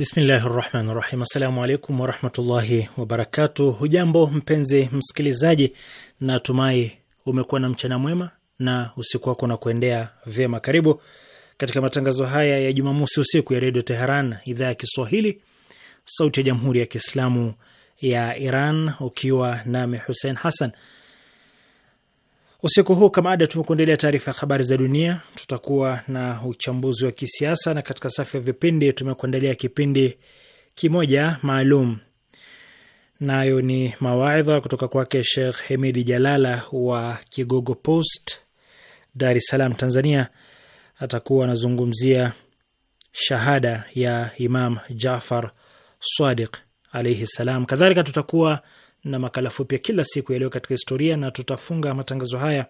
Bismillahi rahmani rahim. Assalamu alaikum warahmatullahi wabarakatuh. Hujambo mpenzi msikilizaji, natumai umekuwa na mchana mwema na usiku wako na kuendea vyema. Karibu katika matangazo haya ya Jumamosi usiku ya Redio Teheran, idhaa ya Kiswahili, sauti ya Jamhuri ya Kiislamu ya Iran, ukiwa nami Hussein Hassan. Usiku huu kama ada, tumekuendelea taarifa ya habari za dunia, tutakuwa na uchambuzi wa kisiasa, na katika safu ya vipindi tumekuandalia kipindi kimoja maalum, nayo ni mawaidha kutoka kwake Sheikh Hemidi Jalala wa Kigogo Post, Dar es Salaam, Tanzania. Atakuwa anazungumzia shahada ya Imam Jafar Sadiq alaihi salam. Kadhalika tutakuwa na makala fupi ya kila siku yaliyo katika historia, na tutafunga matangazo haya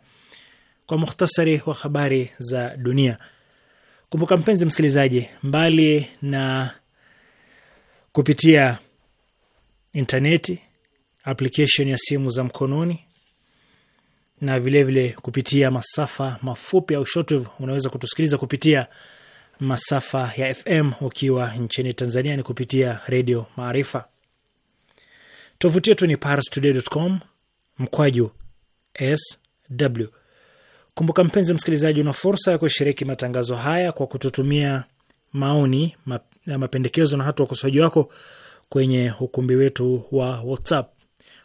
kwa muhtasari wa habari za dunia. Kumbuka mpenzi msikilizaji, mbali na kupitia intaneti, application ya simu za mkononi na vilevile vile kupitia masafa mafupi au shortwave, unaweza kutusikiliza kupitia masafa ya FM ukiwa nchini Tanzania ni kupitia Redio Maarifa. Tovuti yetu ni parstoday.com mkwaju sw. Kumbuka mpenzi msikilizaji, una fursa ya kushiriki matangazo haya kwa kututumia maoni, mapendekezo na hata ukosoaji wako kwenye ukumbi wetu wa WhatsApp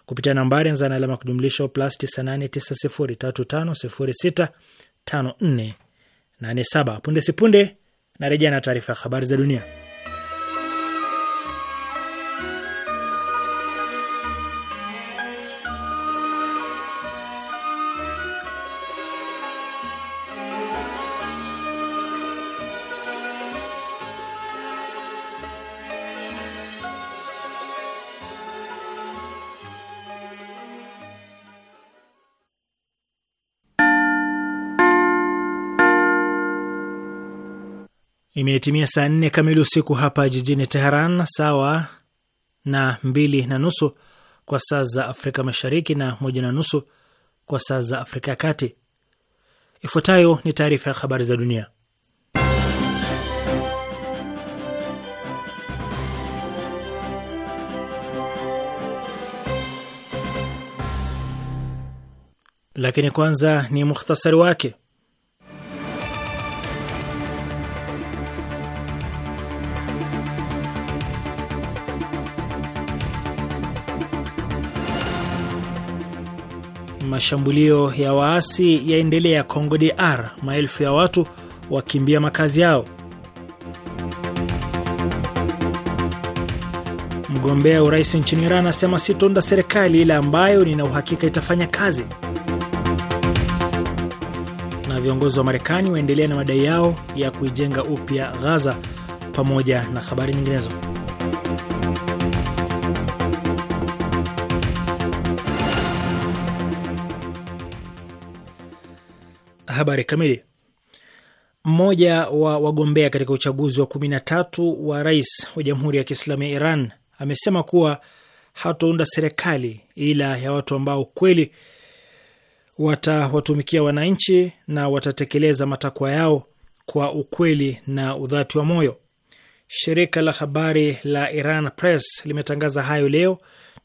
kupitia nambari anza na alama ya kujumlisha plus 989035065487. Punde sipunde rejea na taarifa ya habari za dunia. Imetimia saa nne kamili usiku hapa jijini Teheran, sawa na mbili na nusu kwa saa za Afrika Mashariki na moja na nusu kwa saa za Afrika ya Kati. Ifuatayo ni taarifa ya habari za dunia, lakini kwanza ni mukhtasari wake. Mashambulio ya waasi yaendelea Kongo DR, maelfu ya watu wakimbia makazi yao. Mgombea urais nchini Iran anasema sitonda serikali ile ambayo nina uhakika itafanya kazi. Na viongozi wa Marekani waendelea na madai yao ya kuijenga upya Ghaza, pamoja na habari nyinginezo. habari kamili. Mmoja wa wagombea katika uchaguzi wa kumi na tatu wa rais wa Jamhuri ya Kiislamu ya Iran amesema kuwa hatounda serikali ila ya watu ambao kweli watawatumikia wananchi na watatekeleza matakwa yao kwa ukweli na udhati wa moyo. Shirika la habari la Iran Press limetangaza hayo leo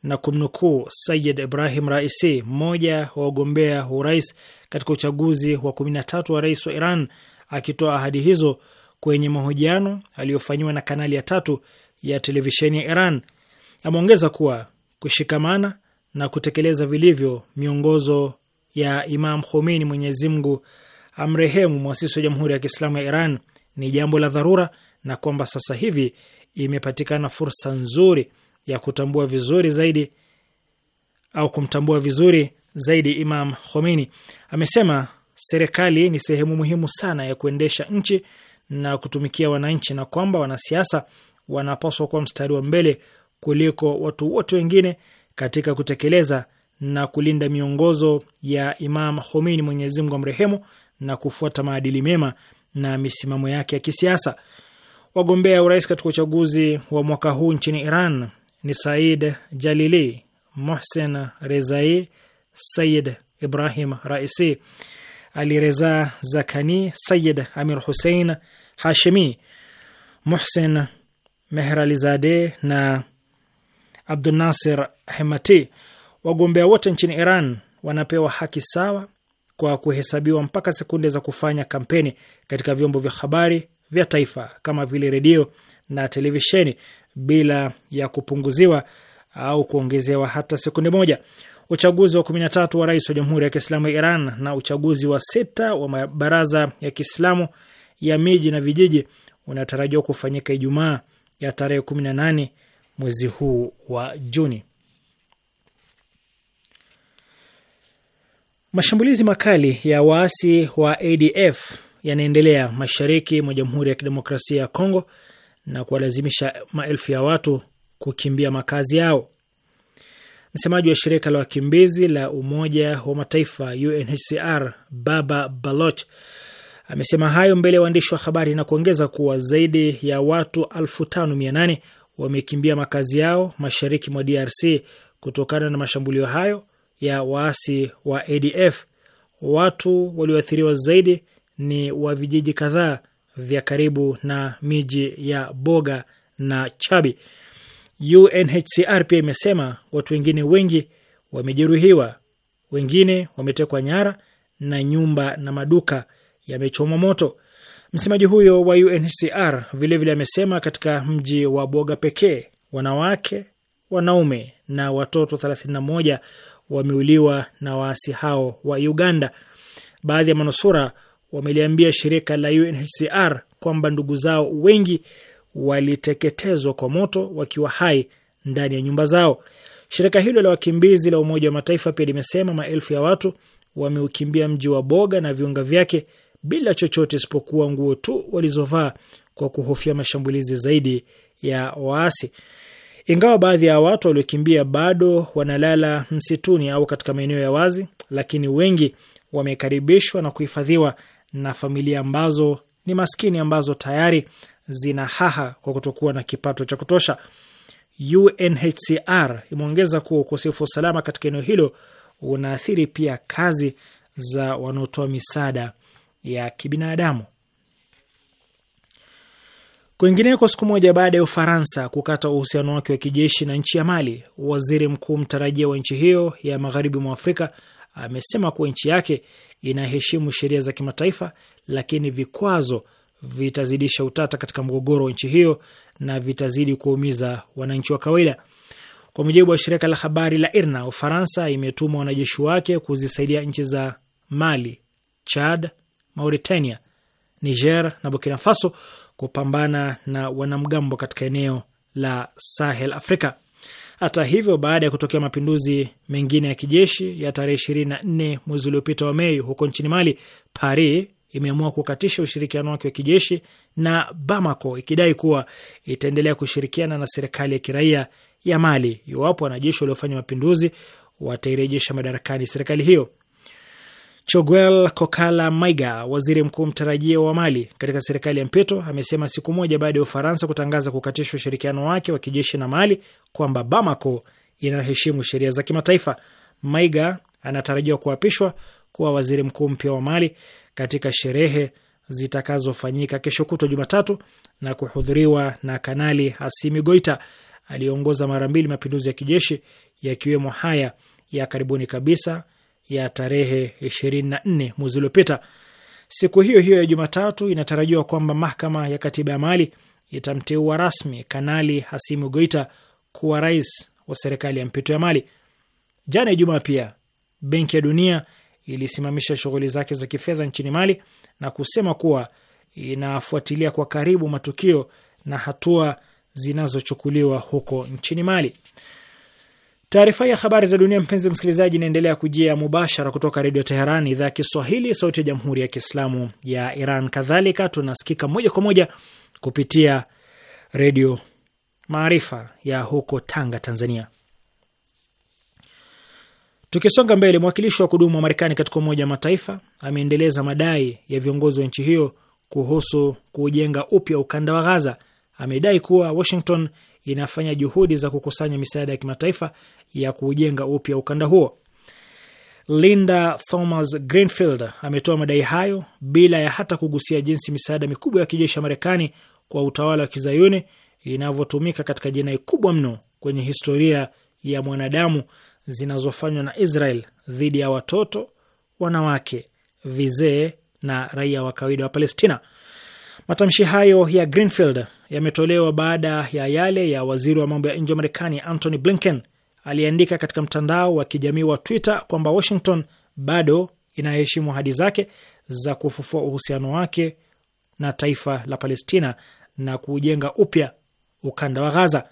na kumnukuu Sayid Ibrahim Raisi, mmoja wa wagombea urais katika uchaguzi wa 13 wa rais wa Iran, akitoa ahadi hizo kwenye mahojiano aliyofanyiwa na kanali ya tatu ya televisheni ya Iran. Ameongeza kuwa kushikamana na kutekeleza vilivyo miongozo ya Imam Khomeini, Mwenyezi Mungu amrehemu, mwasisi wa Jamhuri ya Kiislamu ya Iran ni jambo la dharura na kwamba sasa hivi imepatikana fursa nzuri ya kutambua vizuri zaidi au kumtambua vizuri zaidi Imam Khomeini. Amesema serikali ni sehemu muhimu sana ya kuendesha nchi na kutumikia wananchi, na kwamba wanasiasa wanapaswa kuwa mstari wa mbele kuliko watu wote wengine katika kutekeleza na kulinda miongozo ya Imam Khomeini, Mwenyezi Mungu amrehemu, na kufuata maadili mema na misimamo yake ya kisiasa. Wagombea urais katika uchaguzi wa mwaka huu nchini Iran ni Said Jalili, Mohsen Rezai, Said Ibrahim Raisi, Alireza Zakani, Sayid Amir Hussein Hashimi, Muhsin Mehralizade na Abdunasir Hemati. Wagombea wote nchini Iran wanapewa haki sawa kwa kuhesabiwa mpaka sekunde za kufanya kampeni katika vyombo vya habari vya taifa kama vile redio na televisheni bila ya kupunguziwa au kuongezewa hata sekunde moja uchaguzi wa 13 wa rais wa Jamhuri ya Kiislamu ya Iran na uchaguzi wa sita wa mabaraza ya Kiislamu ya miji na vijiji unatarajiwa kufanyika Ijumaa ya tarehe 18 mwezi huu wa Juni. Mashambulizi makali ya waasi wa ADF yanaendelea mashariki mwa Jamhuri ya Kidemokrasia ya Kongo na kuwalazimisha maelfu ya watu kukimbia makazi yao. Msemaji wa shirika la wakimbizi la Umoja wa Mataifa UNHCR Baba Baloch amesema hayo mbele ya waandishi wa habari na kuongeza kuwa zaidi ya watu 5800 wamekimbia makazi yao mashariki mwa DRC kutokana na mashambulio hayo ya waasi wa ADF. Watu walioathiriwa zaidi ni wa vijiji kadhaa vya karibu na miji ya Boga na Chabi. UNHCR pia imesema watu wengine wengi wamejeruhiwa, wengine wametekwa nyara na nyumba na maduka yamechomwa moto. Msemaji huyo wa UNHCR vilevile vile amesema katika mji wa Boga pekee wanawake, wanaume na watoto 31 wameuliwa na waasi hao wa Uganda. Baadhi ya manusura wameliambia shirika la UNHCR kwamba ndugu zao wengi waliteketezwa kwa moto wakiwa hai ndani ya nyumba zao. Shirika hilo la wakimbizi la Umoja wa Mataifa pia limesema maelfu ya watu wameukimbia mji wa Boga na viunga vyake bila chochote isipokuwa nguo tu walizovaa kwa kuhofia mashambulizi zaidi ya waasi. Ingawa baadhi ya watu waliokimbia bado wanalala msituni au katika maeneo ya wazi, lakini wengi wamekaribishwa na kuhifadhiwa na familia ambazo ni maskini, ambazo tayari zina haha kwa kutokuwa na kipato cha kutosha. UNHCR imeongeza kuwa ukosefu wa usalama katika eneo hilo unaathiri pia kazi za wanaotoa misaada ya kibinadamu. Kwingineko, siku moja baada ya Ufaransa kukata uhusiano wake wa kijeshi na nchi ya Mali, waziri mkuu mtarajia wa nchi hiyo ya magharibi mwa Afrika amesema kuwa nchi yake inaheshimu sheria za kimataifa, lakini vikwazo vitazidisha utata katika mgogoro wa nchi hiyo na vitazidi kuumiza wananchi wa kawaida. Kwa mujibu wa shirika la habari la IRNA, Ufaransa imetuma wanajeshi wake kuzisaidia nchi za Mali, Chad, Mauritania, Niger na Burkina Faso kupambana na wanamgambo katika eneo la Sahel Afrika. Hata hivyo, baada ya kutokea mapinduzi mengine ya kijeshi ya tarehe 24 mwezi uliopita wa Mei huko nchini Mali, Paris imeamua kukatisha ushirikiano wake wa kijeshi na Bamako, ikidai kuwa itaendelea kushirikiana na serikali ya kiraia ya Mali iwapo wanajeshi waliofanya mapinduzi watairejesha madarakani serikali hiyo. Choguel Kokala Maiga, waziri mkuu mtarajia wa Mali katika serikali ya mpito, amesema siku moja baada ya Ufaransa kutangaza kukatisha ushirikiano wake wa kijeshi na Mali kwamba Bamako inaheshimu sheria za kimataifa. Maiga anatarajiwa kuapishwa kuwa waziri mkuu mpya wa Mali katika sherehe zitakazofanyika kesho kutwa Jumatatu na kuhudhuriwa na Kanali Asimi Goita aliyeongoza mara mbili mapinduzi ya kijeshi yakiwemo haya ya karibuni kabisa ya tarehe 24 mwezi uliopita. Siku hiyo hiyo ya Jumatatu inatarajiwa kwamba mahakama ya katiba ya Mali itamteua rasmi Kanali Hasimu Goita kuwa rais wa serikali ya mpito ya Mali. Jana Ijumaa pia Benki ya Dunia ilisimamisha shughuli zake za kifedha nchini Mali na kusema kuwa inafuatilia kwa karibu matukio na hatua zinazochukuliwa huko nchini Mali. Taarifa ya habari za dunia, mpenzi msikilizaji, inaendelea kujia mubashara kutoka Redio Teheran, idhaa ya Kiswahili, sauti ya jamhuri ya kiislamu ya Iran. Kadhalika tunasikika moja kwa moja kupitia Redio Maarifa ya huko Tanga, Tanzania. Tukisonga mbele, mwakilishi wa kudumu wa Marekani katika Umoja wa Mataifa ameendeleza madai ya viongozi wa nchi hiyo kuhusu kujenga upya ukanda wa Gaza. Amedai kuwa Washington inafanya juhudi za kukusanya misaada ya kimataifa ya kujenga upya ukanda huo. Linda Thomas Greenfield ametoa madai hayo bila ya hata kugusia jinsi misaada mikubwa ya kijeshi ya Marekani kwa utawala wa kizayuni inavyotumika katika jinai kubwa mno kwenye historia ya mwanadamu zinazofanywa na Israel dhidi ya watoto, wanawake, vizee na raia wa kawaida wa Palestina. Matamshi hayo ya Greenfield yametolewa baada ya yale ya waziri wa mambo ya nje wa Marekani Antony Blinken aliyeandika katika mtandao wa kijamii wa Twitter kwamba Washington bado inaheshimu ahadi zake za kufufua uhusiano wake na taifa la Palestina na kuujenga upya ukanda wa Gaza.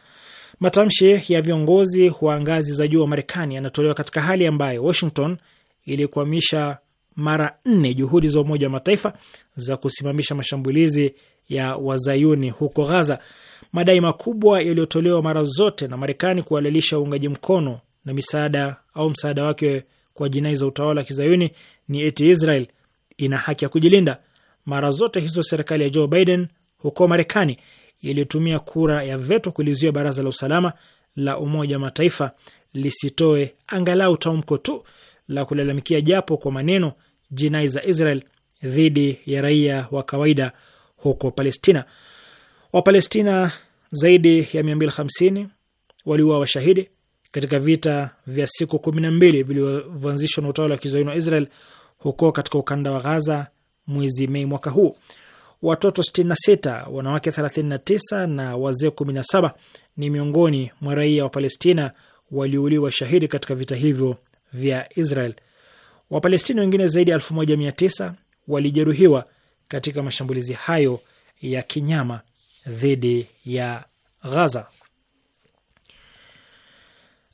Matamshi ya viongozi wa ngazi za juu wa Marekani yanatolewa katika hali ambayo Washington ilikwamisha mara nne juhudi za Umoja wa Mataifa za kusimamisha mashambulizi ya wazayuni huko Ghaza. Madai makubwa yaliyotolewa mara zote na Marekani kuhalalisha uungaji mkono na misaada au msaada wake kwa jinai za utawala wa kizayuni ni eti Israel ina haki ya kujilinda. Mara zote hizo serikali ya Joe Biden huko Marekani ilitumia kura ya veto kulizuia baraza la usalama la Umoja wa Mataifa lisitoe angalau tamko tu la kulalamikia japo kwa maneno jinai za Israel dhidi ya raia wa kawaida huko Palestina. Wapalestina zaidi ya 250 waliuawa washahidi katika vita vya siku mbili vilivyoanzishwa na utawala wa kizayuni wa Israel huko katika ukanda wa Gaza mwezi Mei mwaka huu watoto 66, wanawake 39 na wazee 17 ni miongoni mwa raia wa Palestina waliouliwa shahidi katika vita hivyo vya Israel. Wapalestina wengine zaidi ya 1900 walijeruhiwa katika mashambulizi hayo ya kinyama dhidi ya Ghaza.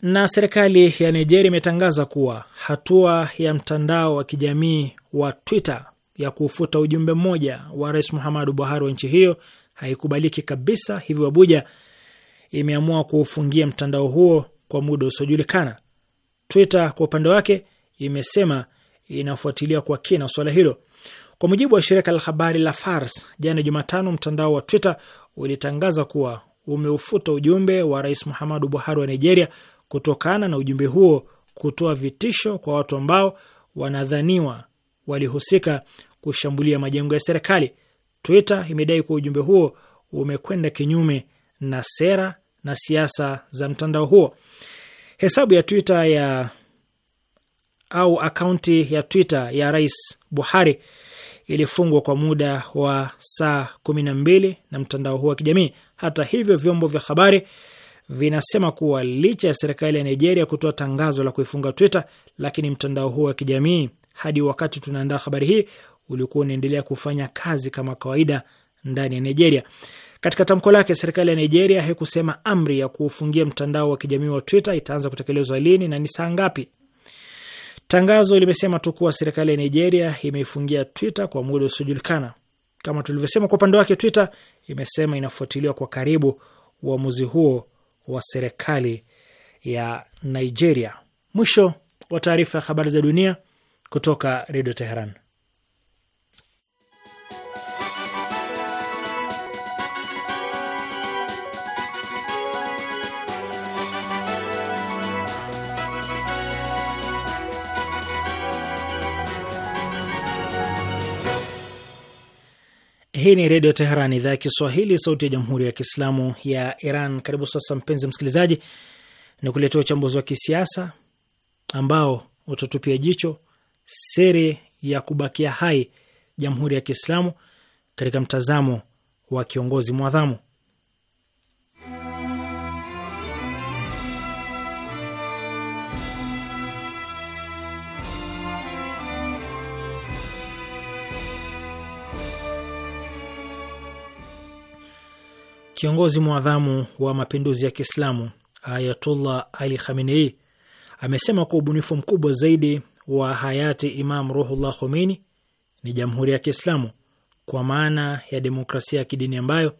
Na serikali ya Nigeria imetangaza kuwa hatua ya mtandao wa kijamii wa Twitter ya kufuta ujumbe mmoja wa Rais Muhammadu Buhari wa nchi hiyo haikubaliki kabisa, hivyo Abuja imeamua kuufungia mtandao huo kwa muda usiojulikana. Twitter kwa upande wake imesema inafuatilia kwa kina swala hilo. Kwa mujibu wa shirika la habari la Fars, jana Jumatano, mtandao wa Twitter ulitangaza kuwa umeufuta ujumbe wa Rais Muhammadu Buhari wa Nigeria kutokana na ujumbe huo kutoa vitisho kwa watu ambao wanadhaniwa walihusika kushambulia majengo ya serikali. Twitter imedai kuwa ujumbe huo umekwenda kinyume na sera na siasa za mtandao huo. Hesabu ya Twitter ya au akaunti ya Twitter ya Rais Buhari ilifungwa kwa muda wa saa kumi na mbili na mtandao huo wa kijamii. Hata hivyo, vyombo vya habari vinasema kuwa licha ya serikali ya Nigeria kutoa tangazo la kuifunga Twitter, lakini mtandao huo wa kijamii hadi wakati tunaandaa habari hii ulikuwa unaendelea kufanya kazi kama kawaida ndani ya Nigeria. Katika tamko lake, serikali ya Nigeria haikusema amri ya kuufungia mtandao wa kijamii wa Twitter itaanza kutekelezwa lini na ni saa ngapi. Tangazo limesema tu kuwa serikali ya Nigeria imeifungia Twitter kwa muda usiojulikana. Kama tulivyosema, kwa upande wake Twitter imesema inafuatiliwa kwa karibu uamuzi huo wa serikali ya Nigeria. Mwisho wa taarifa ya habari za dunia kutoka Redio Teheran. Hii ni Redio Teheran, idhaa ya Kiswahili, sauti ya Jamhuri ya Kiislamu ya Iran. Karibu sasa, mpenzi msikilizaji, ni kuletea uchambuzi wa kisiasa ambao utatupia jicho seri ya kubakia hai Jamhuri ya Kiislamu katika mtazamo wa kiongozi mwadhamu. Kiongozi mwadhamu wa mapinduzi ya Kiislamu Ayatullah Ali Khamenei amesema kwa ubunifu mkubwa zaidi wa hayati Imam Ruhullah Khomeini ni Jamhuri ya Kiislamu, kwa maana ya demokrasia ya kidini ambayo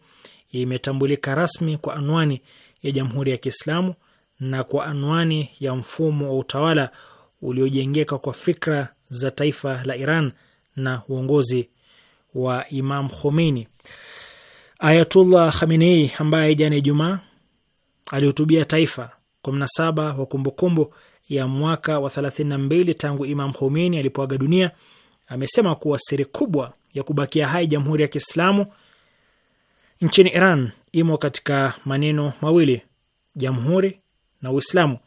imetambulika rasmi kwa anwani ya Jamhuri ya Kiislamu na kwa anwani ya mfumo wa utawala uliojengeka kwa fikra za taifa la Iran na uongozi wa Imam Khomeini Ayatullah Khamenei ambaye jana Ijumaa alihutubia taifa kwa mnasaba wa kumbukumbu ya mwaka wa 32 tangu Imam Khomeini alipoaga dunia amesema kuwa siri kubwa ya kubakia hai Jamhuri ya Kiislamu nchini Iran imo katika maneno mawili, jamhuri na Uislamu.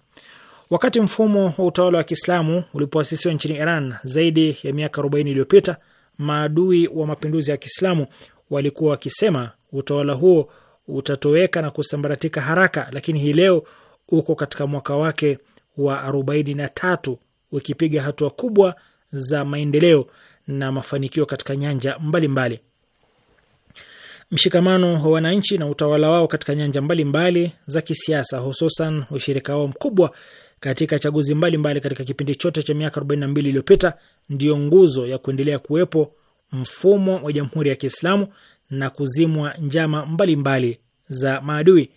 Wakati mfumo wa utawala wa Kiislamu ulipoasisiwa nchini Iran zaidi ya miaka 40 iliyopita, maadui wa mapinduzi ya Kiislamu walikuwa wakisema utawala huo utatoweka na kusambaratika haraka, lakini hii leo uko katika mwaka wake wa arobaini na tatu ukipiga hatua kubwa za maendeleo na mafanikio katika nyanja mbalimbali mbali. Mshikamano wa wananchi na utawala wao katika nyanja mbalimbali mbali za kisiasa, hususan ushirika wao mkubwa katika chaguzi mbalimbali mbali katika kipindi chote cha miaka 42 iliyopita, ndiyo nguzo ya kuendelea kuwepo mfumo wa Jamhuri ya Kiislamu na kuzimwa njama mbalimbali mbali za maadui.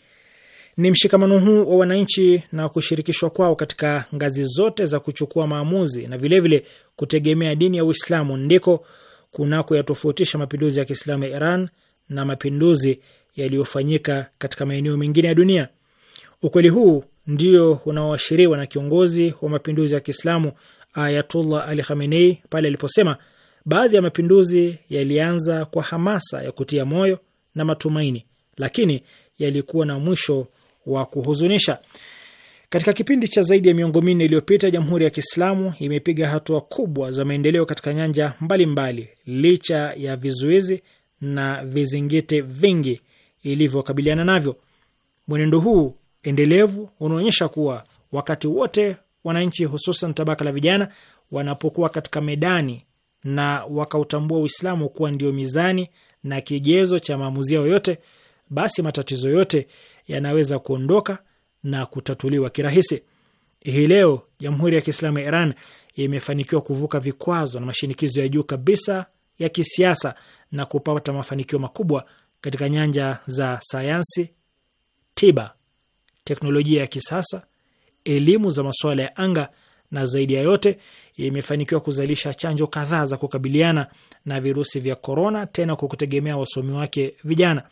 Ni mshikamano huu wa wananchi na kushirikishwa kwao katika ngazi zote za kuchukua maamuzi na vilevile vile kutegemea dini ya Uislamu ndiko kunako yatofautisha mapinduzi ya Kiislamu ya Iran na mapinduzi yaliyofanyika katika maeneo mengine ya dunia. Ukweli huu ndio unaoashiriwa na kiongozi wa mapinduzi ya Kiislamu Ayatullah Ali Khamenei pale aliposema Baadhi ya mapinduzi yalianza kwa hamasa ya kutia moyo na matumaini, lakini yalikuwa na mwisho wa kuhuzunisha. Katika kipindi cha zaidi ya miongo minne iliyopita, Jamhuri ya Kiislamu imepiga hatua kubwa za maendeleo katika nyanja mbalimbali mbali, licha ya vizuizi na vizingiti vingi ilivyokabiliana navyo. Mwenendo huu endelevu unaonyesha kuwa wakati wote wananchi, hususan tabaka la vijana, wanapokuwa katika medani na wakautambua Uislamu kuwa ndio mizani na kigezo cha maamuzi yao yote, basi matatizo yote yanaweza kuondoka na kutatuliwa kirahisi. Hii leo Jamhuri ya Kiislamu ya Iran imefanikiwa kuvuka vikwazo na mashinikizo ya juu kabisa ya kisiasa na kupata mafanikio makubwa katika nyanja za sayansi, tiba, teknolojia ya kisasa, elimu za masuala ya anga na zaidi ya yote imefanikiwa kuzalisha chanjo kadhaa za kukabiliana na virusi vya korona, tena kwa kutegemea wasomi wake vijana.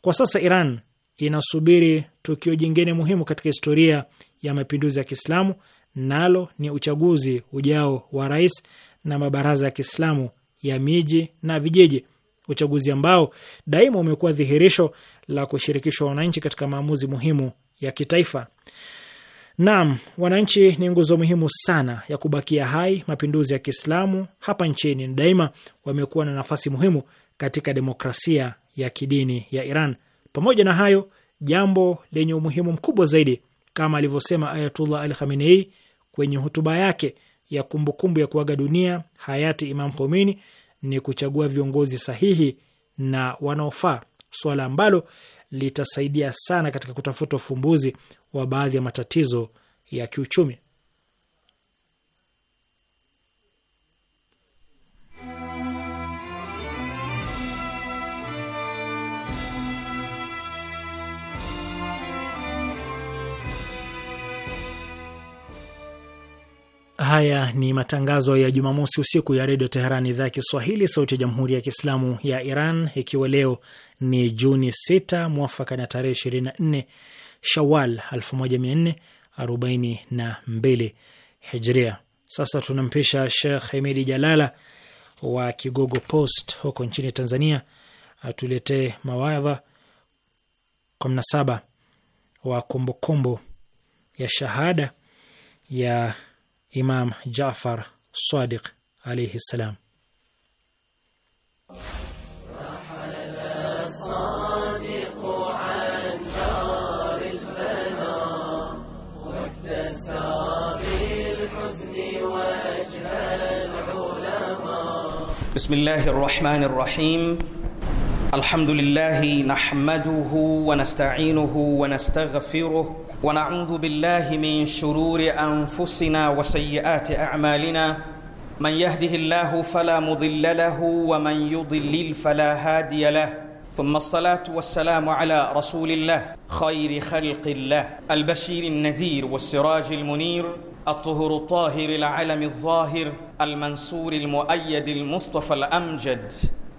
Kwa sasa Iran inasubiri tukio jingine muhimu katika historia ya mapinduzi ya Kiislamu, nalo ni uchaguzi ujao wa rais na mabaraza ya Kiislamu ya miji na vijiji, uchaguzi ambao daima umekuwa dhihirisho la kushirikishwa wananchi katika maamuzi muhimu ya kitaifa. Naam, wananchi ni nguzo muhimu sana ya kubakia hai mapinduzi ya Kiislamu hapa nchini, na daima wamekuwa na nafasi muhimu katika demokrasia ya kidini ya Iran. Pamoja na hayo, jambo lenye umuhimu mkubwa zaidi, kama alivyosema Ayatullah al Khamenei kwenye hotuba yake ya kumbukumbu ya kuaga dunia hayati Imam Khomeini, ni kuchagua viongozi sahihi na wanaofaa, swala ambalo litasaidia sana katika kutafuta ufumbuzi wa baadhi ya matatizo ya kiuchumi. Haya ni matangazo ya Jumamosi usiku ya redio Teheran, idhaa ya Kiswahili, sauti ya jamhuri ya kiislamu ya Iran, ikiwa leo ni Juni 6 mwafaka na tarehe 24 Shawal 1442 Hijria. Sasa tunampisha Shekh Hemedi Jalala wa Kigogo Post huko nchini Tanzania atuletee mawadha kwa mnasaba wa kumbukumbu ya shahada ya Imam Jafar Sadiq alaihi ssalam. بسم الله الرحمن الرحيم الحمد لله نحمده ونستعينه ونستغفره ونعوذ بالله من شرور أنفسنا وسيئات أعمالنا من يهده الله فلا مضل له ومن يضلل فلا هادي له ثم الصلاة والسلام على رسول الله خير خلق الله البشير النذير والسراج المنير الطهر الطاهر العلم الظاهر المنصور المؤيد المصطفى الأمجد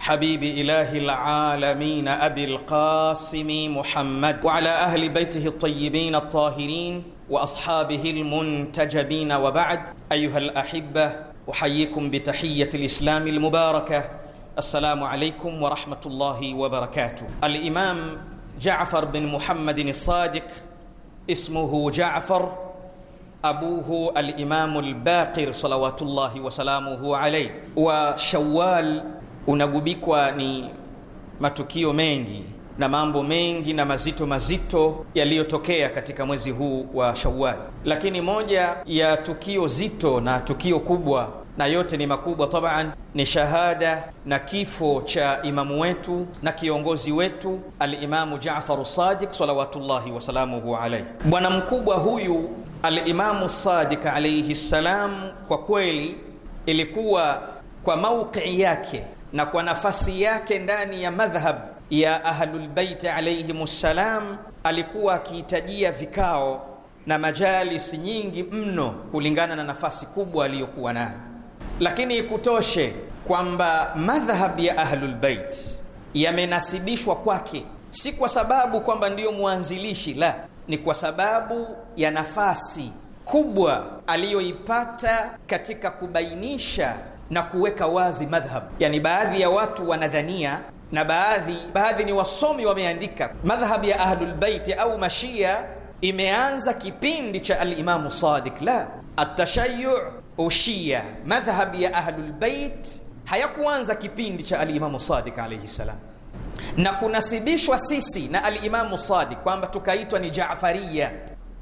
حبيب إله العالمين أبي القاسم محمد وعلى أهل بيته الطيبين الطاهرين وأصحابه المنتجبين وبعد أيها الأحبة أحييكم بتحية الإسلام المباركة السلام عليكم ورحمة الله وبركاته الإمام جعفر بن محمد الصادق اسمه جعفر أبوه الإمام الباقر صلوات الله وسلامه عليه وشوال unagubikwa ni matukio mengi na mambo mengi na mazito mazito yaliyotokea katika mwezi huu wa Shawwal, lakini moja ya tukio zito na tukio kubwa na yote ni makubwa taban, ni shahada na kifo cha imamu wetu na kiongozi wetu Alimamu Jafaru Sadiq salawatullahi wasalamuhu alaihi. Bwana mkubwa huyu Alimamu Sadiq alaihi ssalam, kwa kweli ilikuwa kwa mauqii yake na kwa nafasi yake ndani ya madhhab ya Ahlulbaiti alayhim ssalam, alikuwa akihitajia vikao na majalisi nyingi mno kulingana na nafasi kubwa aliyokuwa nayo. Lakini ikutoshe kwamba madhhab ya Ahlulbait yamenasibishwa kwake, si kwa sababu kwamba ndiyo mwanzilishi, la, ni kwa sababu ya nafasi kubwa aliyoipata katika kubainisha na kuweka wazi madhhab. Yani baadhi ya watu wanadhania na baadhi baadhi ni wasomi wameandika, madhhab ya ahlulbeiti au mashia imeanza kipindi cha alimamu Sadiq. La, atashayu ushia, madhhab ya ahlulbeit hayakuanza kipindi cha alimamu Sadiq alaihi salam, na kunasibishwa sisi na alimamu Sadiq kwamba tukaitwa ni Jaafariya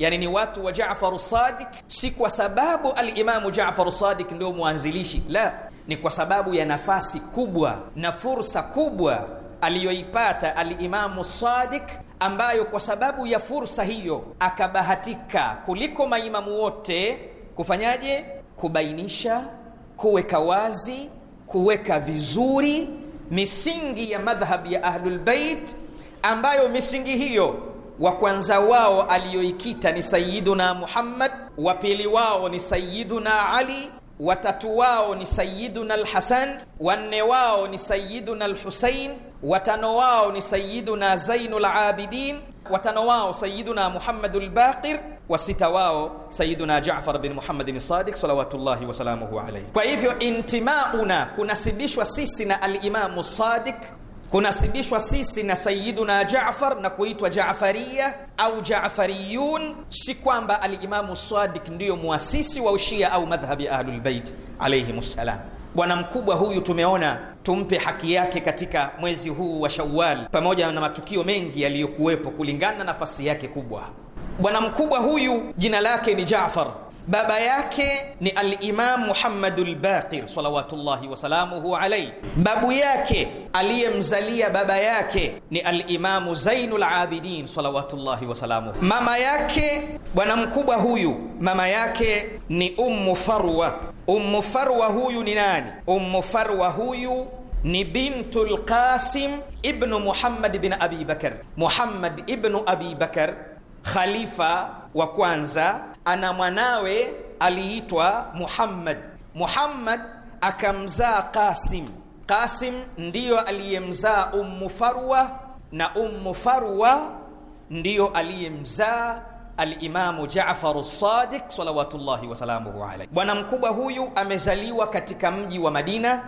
yani ni watu wa Jaafar Sadiq si kwa sababu al-Imamu Jaafar Sadiq ndio mwanzilishi la ni kwa sababu ya nafasi kubwa na fursa kubwa aliyoipata al-Imamu Sadiq ambayo kwa sababu ya fursa hiyo akabahatika kuliko maimamu wote kufanyaje kubainisha kuweka wazi kuweka vizuri misingi ya madhhabi ya Ahlul Bait ambayo misingi hiyo wa kwanza wao aliyoikita ni sayiduna Muhammad, wa pili wao ni sayiduna Ali, watatu wao ni sayiduna lhasan wanne wao ni sayiduna Alhusain, watano wao ni sayiduna Zainul Abidin, watano wao Sayyiduna Muhammadul Baqir, wasita wao Sayyiduna Jaafar bin Muhammadin Sadiq salawatullahi wasalamuhu alaihi. Kwa hivyo intimauna kunasibishwa sisi na Alimamu Sadiq kunasibishwa sisi na Sayyiduna Jaafar na kuitwa Jaafaria au Jaafariyun, si kwamba alimamu Sadiq ndiyo muasisi wa ushia au madhhabi Ahlulbeit alayhimussalam. Bwana mkubwa huyu tumeona tumpe haki yake katika mwezi huu wa Shawwal, pamoja na matukio mengi yaliyokuwepo kulingana na nafasi yake kubwa. Bwana mkubwa huyu jina lake ni Jaafar Baba yake ni Al-Imam Muhammadul Baqir salawatullahi wasalamuhu alayhi. Babu yake aliyemzalia baba yake ni Al-Imam Zainul Abidin salawatullahi wasalamuhu. Mama yake bwana mkubwa huyu, mama yake ni Ummu Farwa. Ummu Farwa huyu ni nani? Ummu Farwa huyu ni bintul Qasim ibnu Muhammad bin Abi Bakar, Muhammad ibnu Abi Bakar, khalifa wa kwanza ana mwanawe aliitwa Muhammad. Muhammad akamzaa Qasim. Qasim ndiyo aliyemzaa Ummu Farwa na Ummu Farwa ndiyo aliyemzaa Alimamu Jafaru Sadiq salawatullahi wasalamuhu alaihi. Bwana mkubwa huyu amezaliwa katika mji wa Madina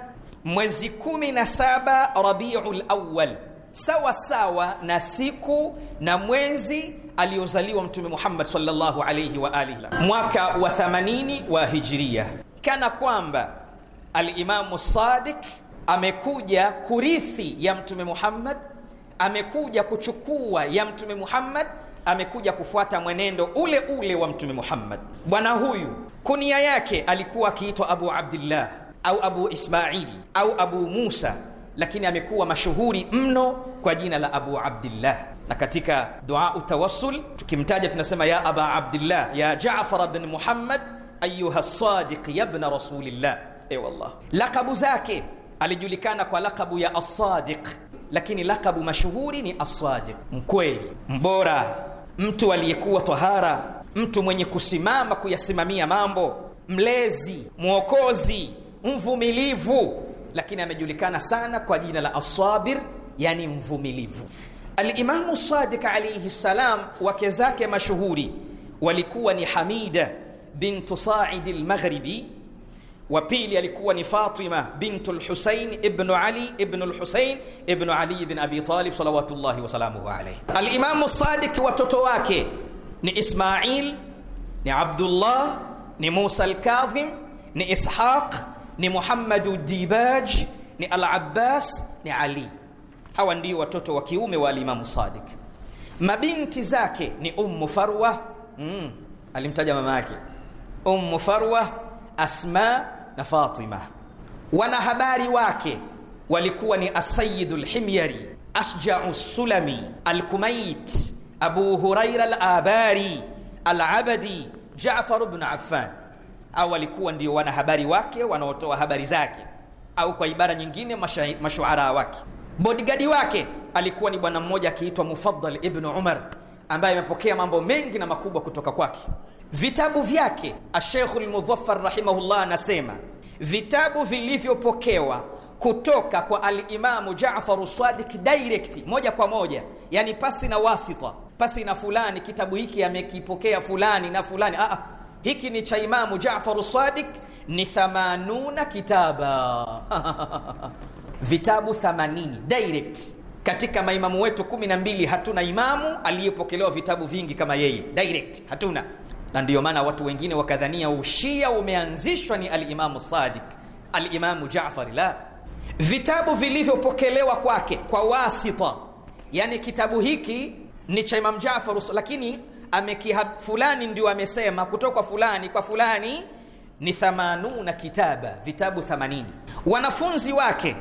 mwezi 17 Rabiul Awwal sawa sawa na siku na mwezi aliyozaliwa Mtume Muhammad sallallahu alayhi wa alihi, mwaka wa 80 wa Hijria, kana kwamba Alimamu Sadiq amekuja kurithi ya Mtume Muhammad, amekuja kuchukua ya Mtume Muhammad, amekuja kufuata mwenendo ule ule wa Mtume Muhammad. Bwana huyu kunia yake alikuwa akiitwa Abu Abdillah au Abu Ismaili au Abu Musa lakini amekuwa mashuhuri mno kwa jina la Abu Abdillah. Na katika dua utawassul tukimtaja tunasema ya Aba Abdillah ya Jaafar bin Muhammad ayuha sadiq ya ibn rasulillah. E wallah, lakabu zake alijulikana kwa lakabu ya as lakini lakabu mashuhuri ni as mkweli, mbora, mtu aliyekuwa tahara, mtu mwenye kusimama kuyasimamia mambo, mlezi, mwokozi, mvumilivu lakini amejulikana sana kwa jina la Asabir, yani mvumilivu. Alimamu Sadiq alayhi salam, wake zake mashuhuri walikuwa ni Hamida bintu Saidi al wa pili alikuwa ni Fatima bintu al-Husayn Ali ibn al-Husayn Ali ibn Abi Talib salawatullahi wa salamuhu Alimamu Sadiq, watoto wake ni Ismail, ni Abdullah, ni Musa al ni Ishaq ni Muhammadu Dibaj, ni Al-Abbas, ni Ali. Hawa ndio watoto wa kiume wa Alimamu Sadiq. Mabinti zake ni Ummu Farwa mm, alimtaja mama yake Ummu Farwa, Asma na Fatima. Wanahabari wake walikuwa ni Asayidu Lhimyari, Asjau Sulami, Alkumait, Abu Huraira Alabari, Alabadi, Jafaru bnu Affan au walikuwa ndio wanahabari wake wanaotoa habari zake, au kwa ibara nyingine mashuara wake. Bodigadi wake alikuwa ni bwana mmoja akiitwa Mufaddal ibn Umar ambaye amepokea mambo mengi na makubwa kutoka kwake. Vitabu vyake Ashekhu Lmudhaffar rahimahullah anasema vitabu vilivyopokewa kutoka kwa Alimamu Jafaru Sadiq direct, moja kwa moja, yani pasi na wasita, pasi na fulani, kitabu hiki amekipokea fulani na fulani. Aa, ah, ah, hiki ni cha Imamu Jafaru sadik ni thamanuna kitaba vitabu 80 direct katika maimamu wetu 12 hatuna imamu aliyepokelewa vitabu vingi kama yeye direct hatuna na ndiyo maana watu wengine wakadhania ushia umeanzishwa ni alimamu sadik alimamu jafari la vitabu vilivyopokelewa kwake kwa wasita yani kitabu hiki ni cha imamu Jaafar lakini amekiha fulani ndio amesema kutoka fulani kwa fulani ni thamanuna kitaba vitabu 80 wanafunzi wake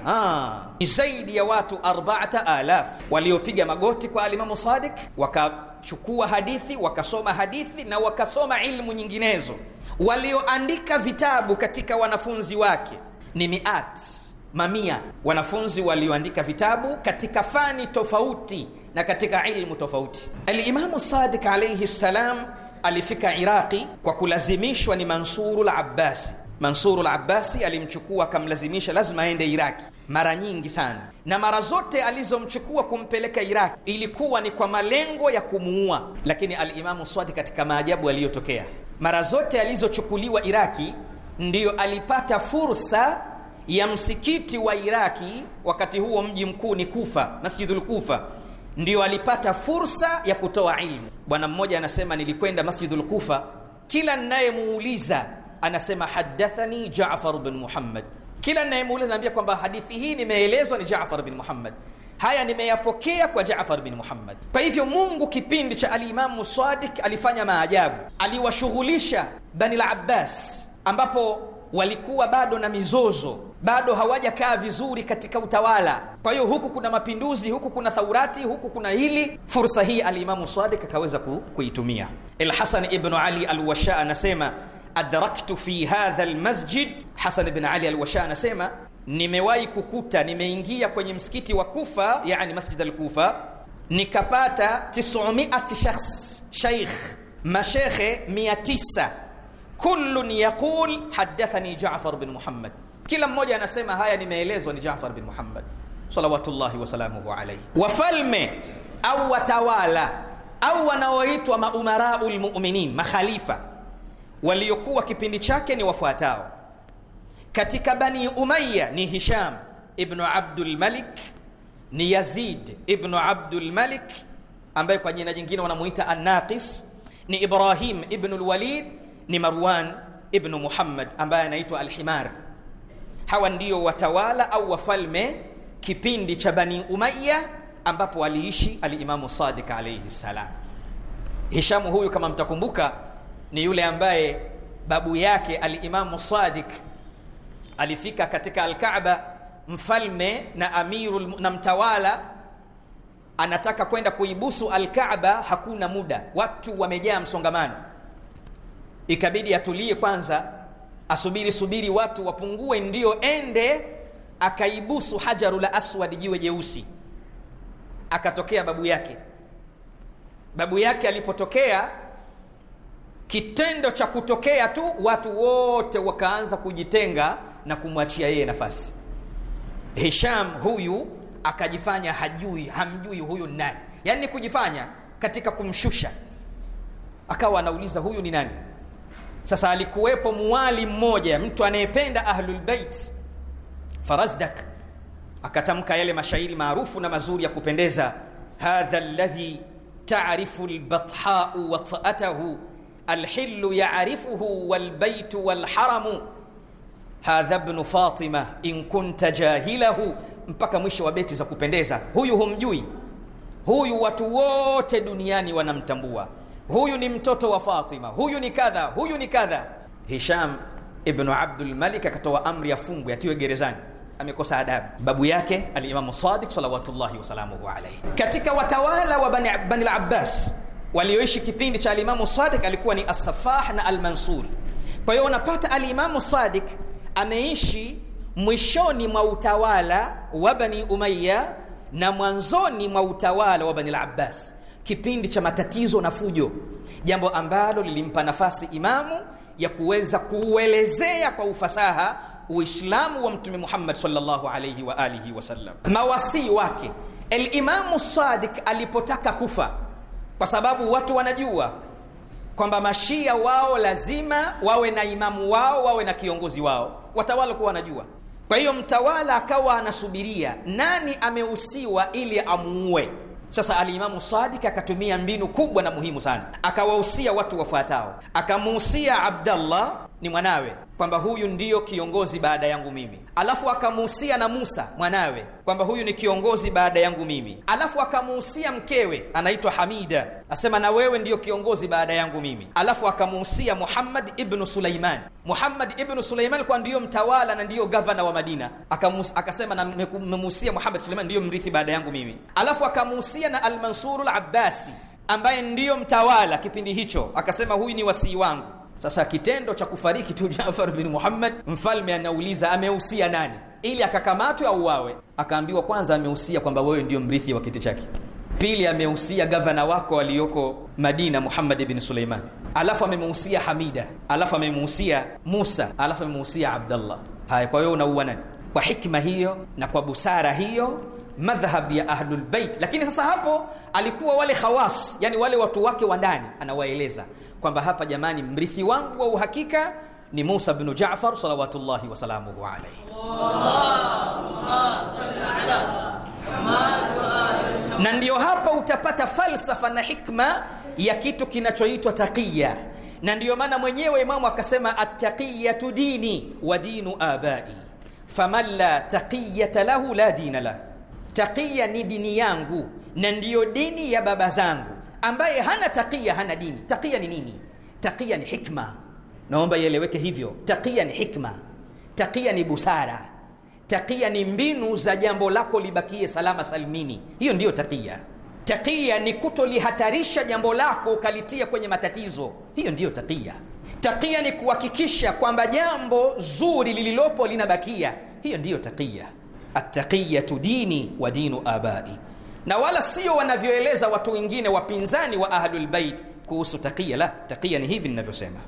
ni zaidi ya watu 4000 waliopiga magoti kwa alimamu sadik wakachukua hadithi wakasoma hadithi na wakasoma ilmu nyinginezo walioandika vitabu katika wanafunzi wake ni miati mamia wanafunzi walioandika vitabu katika fani tofauti na katika ilmu tofauti. Alimamu Sadiq alaihi salam alifika Iraqi kwa kulazimishwa ni Mansuru labasi Mansuru labasi alimchukua akamlazimisha lazima aende Iraqi mara nyingi sana, na mara zote alizomchukua kumpeleka Iraqi ilikuwa ni kwa malengo ya kumuua. Lakini alimamu sadi katika maajabu aliyotokea, mara zote alizochukuliwa Iraqi ndiyo alipata fursa ya msikiti wa Iraki, wakati huo mji mkuu ni Kufa, Masjidul Kufa ndio alipata fursa ya kutoa ilmu. Bwana mmoja anasema nilikwenda Masjidul Kufa, kila ninayemuuliza anasema hadathani Jaafar bin Muhammad. Kila ninayemuuliza naambia kwamba hadithi hii nimeelezwa ni Jaafar bin Muhammad, haya nimeyapokea kwa Jaafar bin Muhammad. Kwa hivyo Mungu kipindi cha alimamu Sadiq alifanya maajabu, aliwashughulisha Bani al-Abbas ambapo walikuwa bado na mizozo, bado hawajakaa vizuri katika utawala. Kwa hiyo huku kuna mapinduzi, huku kuna thaurati, huku kuna hili. Fursa hii Alimamu sadik akaweza kuitumia. lhasan ibnu Ali Alwasha anasema adraktu fi hadha lmasjid Hasan ibn Ali Alwasha anasema nimewahi kukuta, nimeingia kwenye msikiti wa Kufa, yani masjid alkufa nikapata 9 shakhs, shaikh mashekhe 9 kullun yaqul haddathani Jaafar bin Muhammad, kila mmoja anasema haya nimeelezwa ni Jaafar bin Muhammad salawatullahi wasalamuhu alaihi. Wafalme au watawala au wanaoitwa maumarau lmuminin, makhalifa waliokuwa kipindi chake ni wafuatao: katika Bani Umayya ni Hisham ibnu Abdulmalik, ni Yazid ibnu Abdulmalik ambaye kwa jina jingine wanamuita Annaqis, ni Ibrahim ibnu Lwalid ni Marwan ibn Muhammad ambaye anaitwa Al-Himar. Hawa ndio watawala au wafalme kipindi cha Bani Umayya ambapo aliishi Alimamu Sadiq alayhi salam. Hishamu huyu kama mtakumbuka, ni yule ambaye babu yake Alimamu Sadiq alifika katika Al-Kaaba, mfalme na amiru na mtawala anataka kwenda kuibusu Al-Kaaba, hakuna muda, watu wamejaa msongamano ikabidi atulie kwanza, asubiri subiri watu wapungue, ndio ende akaibusu hajaru la aswad, jiwe jeusi. Akatokea babu yake. Babu yake alipotokea, kitendo cha kutokea tu watu wote wakaanza kujitenga na kumwachia yeye nafasi. Hisham huyu akajifanya hajui, hamjui huyu nani, yaani kujifanya katika kumshusha, akawa anauliza huyu ni nani sasa alikuwepo muwali mmoja, mtu anayependa Ahlul Bait, Farazdak akatamka yale mashairi maarufu na mazuri ya kupendeza, hadha alladhi ta'rifu albathau wa alhilu alhillu ya'rifuhu walbaitu walharamu hadha ibn Fatima in kunta jahilahu, mpaka mwisho wa beti za kupendeza. Huyu humjui, huyu watu wote duniani wanamtambua huyu ni mtoto wa Fatima, huyu ni kadha, huyu ni kadha. Hisham ibnu Abdul Malik akatoa amri ya afungwe, atiwe gerezani, amekosa adabu. Babu yake al-Imam Sadiq salawatullahi wasalamuhu alayhi. Katika watawala wa Bani, Bani abbas walioishi kipindi cha alimamu imam Sadiq alikuwa ni as na almansur Kwa hiyo unapata alimamu imam Sadiq ameishi mwishoni mwa utawala wa Bani Umayya na mwanzoni mwa utawala wa Bani abbas kipindi cha matatizo na fujo, jambo ambalo lilimpa nafasi imamu ya kuweza kuuelezea kwa ufasaha Uislamu wa Mtume Muhammad sallallahu alayhi wa alihi wasallam. Mawasii wake Alimamu Sadiq alipotaka kufa, kwa sababu watu wanajua kwamba mashia wao lazima wawe na imamu wao, wawe na kiongozi wao, watawala kuwa wanajua. Kwa hiyo mtawala akawa anasubiria nani ameusiwa ili amuue sasa alimamu Sadiki akatumia mbinu kubwa na muhimu sana, akawahusia watu wafuatao. Akamuhusia Abdallah ni mwanawe kwamba huyu ndiyo kiongozi baada yangu mimi, alafu akamuhusia na Musa mwanawe kwamba huyu ni kiongozi baada yangu mimi, alafu akamuhusia mkewe anaitwa Hamida, asema na wewe ndiyo kiongozi baada yangu mimi, alafu akamuhusia Muhammad ibnu Sulaiman, Muhammad ibnu Sulaiman kwa ndiyo mtawala na ndiyo gavana wa Madina, akasema na memuhusia Muhammad Sulaiman ndiyo mrithi baada yangu mimi, alafu akamuhusia na Almansuru labasi ambaye ndiyo mtawala kipindi hicho, akasema huyu ni wasii wangu sasa kitendo cha kufariki tu Jafar bin Muhammad, mfalme anauliza amehusia nani ili akakamatwe au wawe? Akaambiwa kwanza, amehusia kwamba wewe ndio mrithi wa kiti chake. Pili, amehusia gavana wako aliyoko Madina, Muhammad bin Suleiman. Alafu amemhusia Hamida, alafu amemhusia Musa, alafu amemhusia Abdallah. Haya, kwa hiyo unaua nani? Kwa hikma hiyo na kwa busara hiyo madhhab ya ahlulbeit Lakini sasa hapo alikuwa wale khawas, yani wale watu wake wa ndani, anawaeleza kwamba hapa jamani mrithi wangu wa uhakika ni Musa bin Jaafar salawatullahi wa salamuhu alayhi. wa Na ndiyo hapa utapata falsafa na hikma ya kitu kinachoitwa taqiya. Na ndiyo maana mwenyewe Imamu akasema attaqiyatu dini wa dinu abai. Faman la taqiyata lahu la dina lah Taqiya ni dini yangu na ndiyo dini ya baba zangu ambaye hana takia hana dini. Takia ni nini? Takia ni hikma, naomba ieleweke hivyo. Takia ni hikma, takia ni busara, takia ni mbinu za jambo lako libakie salama salimini. Hiyo ndiyo takia. Takia ni kutolihatarisha jambo lako ukalitia kwenye matatizo, hiyo ndiyo takia. Takia ni kuhakikisha kwamba jambo zuri lililopo linabakia, hiyo ndiyo takia. Attaqiyatu dini wa dinu abai na wala sio wanavyoeleza watu wengine wapinzani wa ahlul bait kuhusu taqiya. La, taqiya ni hivi ninavyosema.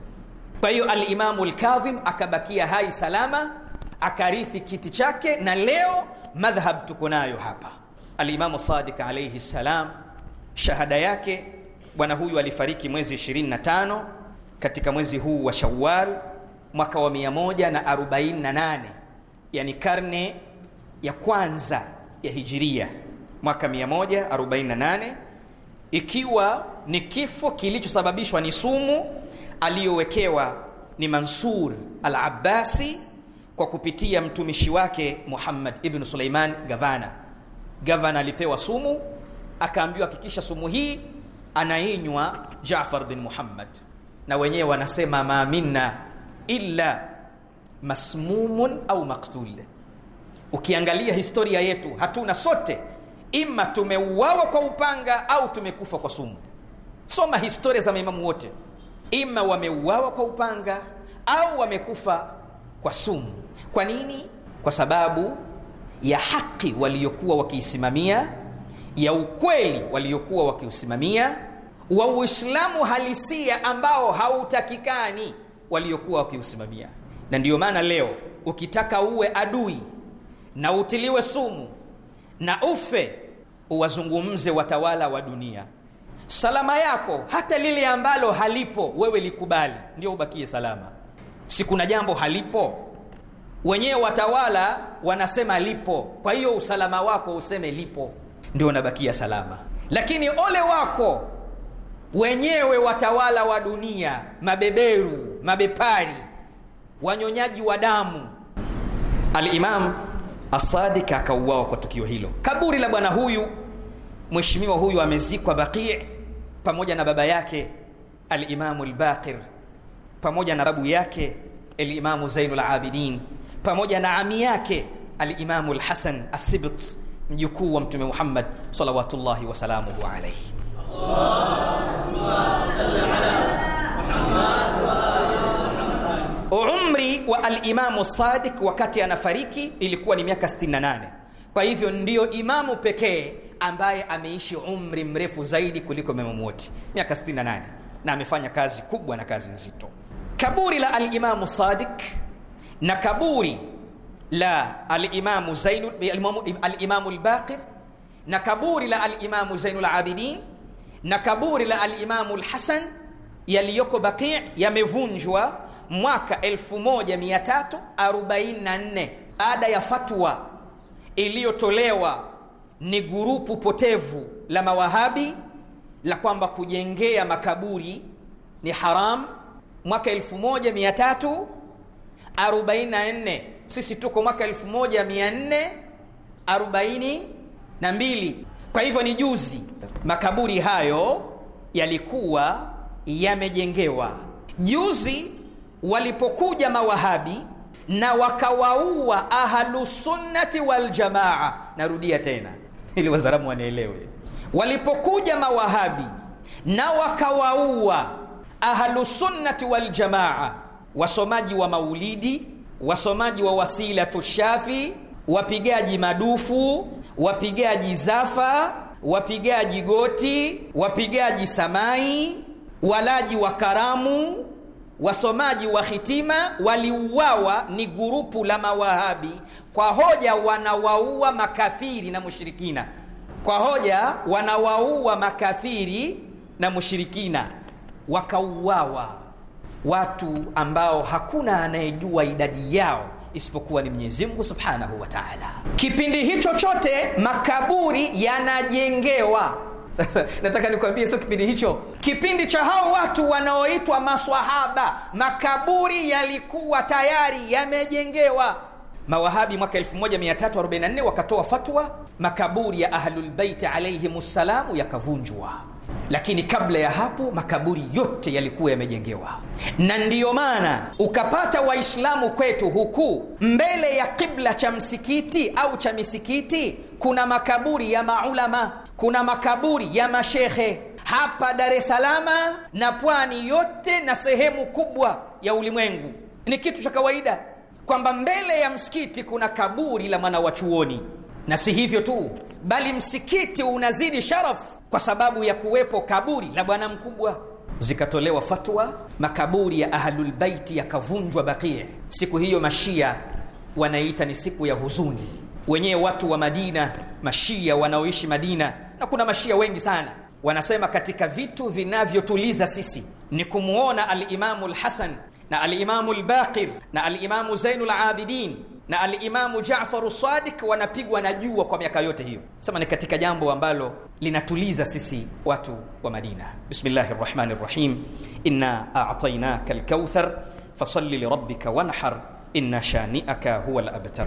Kwa hiyo al-Imamu al-Kadhim akabakia hai salama, akarithi kiti chake, na leo madhhab tuko nayo hapa. Al-Imamu Sadiq alayhi salam, shahada yake bwana huyu alifariki mwezi 25 katika mwezi huu wa Shawwal mwaka wa 148 yani karne ya kwanza ya Hijiria mwaka 148 ikiwa ni kifo kilichosababishwa ni sumu aliyowekewa ni Mansur al-Abbasi kwa kupitia mtumishi wake Muhammad ibn Suleiman gavana. Gavana alipewa sumu, akaambiwa hakikisha sumu hii anainywa Jaafar bin Muhammad, na wenyewe wanasema minna illa masmumun au maktul. Ukiangalia historia yetu hatuna sote ima tumeuawa kwa upanga au tumekufa kwa sumu soma historia za maimamu wote ima wameuawa kwa upanga au wamekufa kwa sumu kwa nini kwa sababu ya haki waliokuwa wakiisimamia ya ukweli waliokuwa wakiusimamia wa uislamu halisia ambao hautakikani waliokuwa wakiusimamia na ndiyo maana leo ukitaka uwe adui na utiliwe sumu na ufe uwazungumze watawala wa dunia salama yako hata lile ambalo halipo wewe likubali ndio ubakie salama si kuna jambo halipo wenyewe watawala wanasema lipo kwa hiyo usalama wako useme lipo ndio unabakia salama lakini ole wako wenyewe watawala wa dunia mabeberu mabepari wanyonyaji wa damu alimam Asadik akauawa kwa tukio hilo. Kaburi la bwana huyu mheshimiwa huyu amezikwa Baqi pamoja na baba yake Al-Imamu pamoja na babu yake alimamu imamu Zainul Abidin pamoja na ami yake Al-Imamu Al-Hasan as mjukuu wa Mtume Muhammad sallallahu wa salamuhu Allahumma salli ala umri wa alimamu sadik wakati anafariki ilikuwa ni miaka 68. Kwa hivyo ndiyo imamu pekee ambaye ameishi umri mrefu zaidi kuliko maimamu wote, miaka 68, na amefanya kazi kubwa na kazi nzito. Kaburi la alimamu sadik na kaburi la alimamu Zainul alimamu al-Baqir na kaburi la alimamu Zainul Abidin na kaburi la alimamu al-Hasan yaliyoko Baqi' yamevunjwa mwaka 1344 baada ya fatwa iliyotolewa ni gurupu potevu la mawahabi la kwamba kujengea makaburi ni haram mwaka 1344 sisi tuko mwaka 1442 kwa hivyo ni juzi makaburi hayo yalikuwa yamejengewa juzi walipokuja mawahabi na wakawaua ahlusunnati waljamaa. Narudia tena ili wazaramu wanielewe, walipokuja mawahabi na wakawaua ahlusunnati waljamaa, wasomaji wa maulidi, wasomaji wa wasilatu shafi, wapigaji madufu, wapigaji zafa, wapigaji goti, wapigaji samai, walaji wa karamu wasomaji wa hitima waliuawa ni gurupu la mawahabi kwa hoja wanawaua makafiri na mushirikina kwa hoja wanawaua makafiri na mushirikina wakauawa watu ambao hakuna anayejua idadi yao isipokuwa ni Mwenyezi Mungu Subhanahu wa Ta'ala. Kipindi hicho chote makaburi yanajengewa nataka nikuambie sio kipindi hicho, kipindi cha hao watu wanaoitwa maswahaba. Makaburi yalikuwa tayari yamejengewa. Mawahabi mwaka 1344 wakatoa fatwa, makaburi ya Ahlulbeiti ssalamu yakavunjwa, lakini kabla ya hapo makaburi yote yalikuwa yamejengewa, na ndiyo maana ukapata Waislamu kwetu huku mbele ya kibla cha msikiti au cha misikiti kuna makaburi ya maulama kuna makaburi ya mashehe hapa Dar es Salaam na pwani yote na sehemu kubwa ya ulimwengu. Ni kitu cha kawaida kwamba mbele ya msikiti kuna kaburi la mwana wa chuoni, na si hivyo tu, bali msikiti unazidi sharafu kwa sababu ya kuwepo kaburi la bwana mkubwa. Zikatolewa fatwa, makaburi ya Ahlulbaiti yakavunjwa Baqii. Siku hiyo Mashia wanaita ni siku ya huzuni, wenyewe watu wa Madina, Mashia wanaoishi Madina na kuna mashia wengi sana wanasema katika vitu vinavyotuliza sisi ni kumwona alimamu lhasan na alimamu lbaqir na alimamu zainu labidin na alimamu jafaru sadik wanapigwa na jua kwa miaka yote hiyo sema ni katika jambo ambalo linatuliza sisi watu wa madina bismillahi rrahmani rrahim inna atainaka lkauthar fasalli lirabbika wanhar inna shaniaka huwa labtar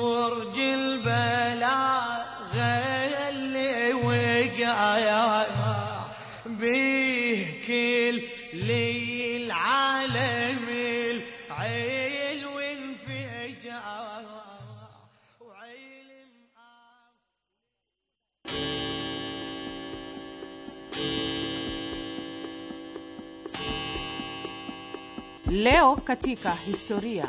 يا بيه لي العالم العيل وانفجع وعيل Leo katika historia.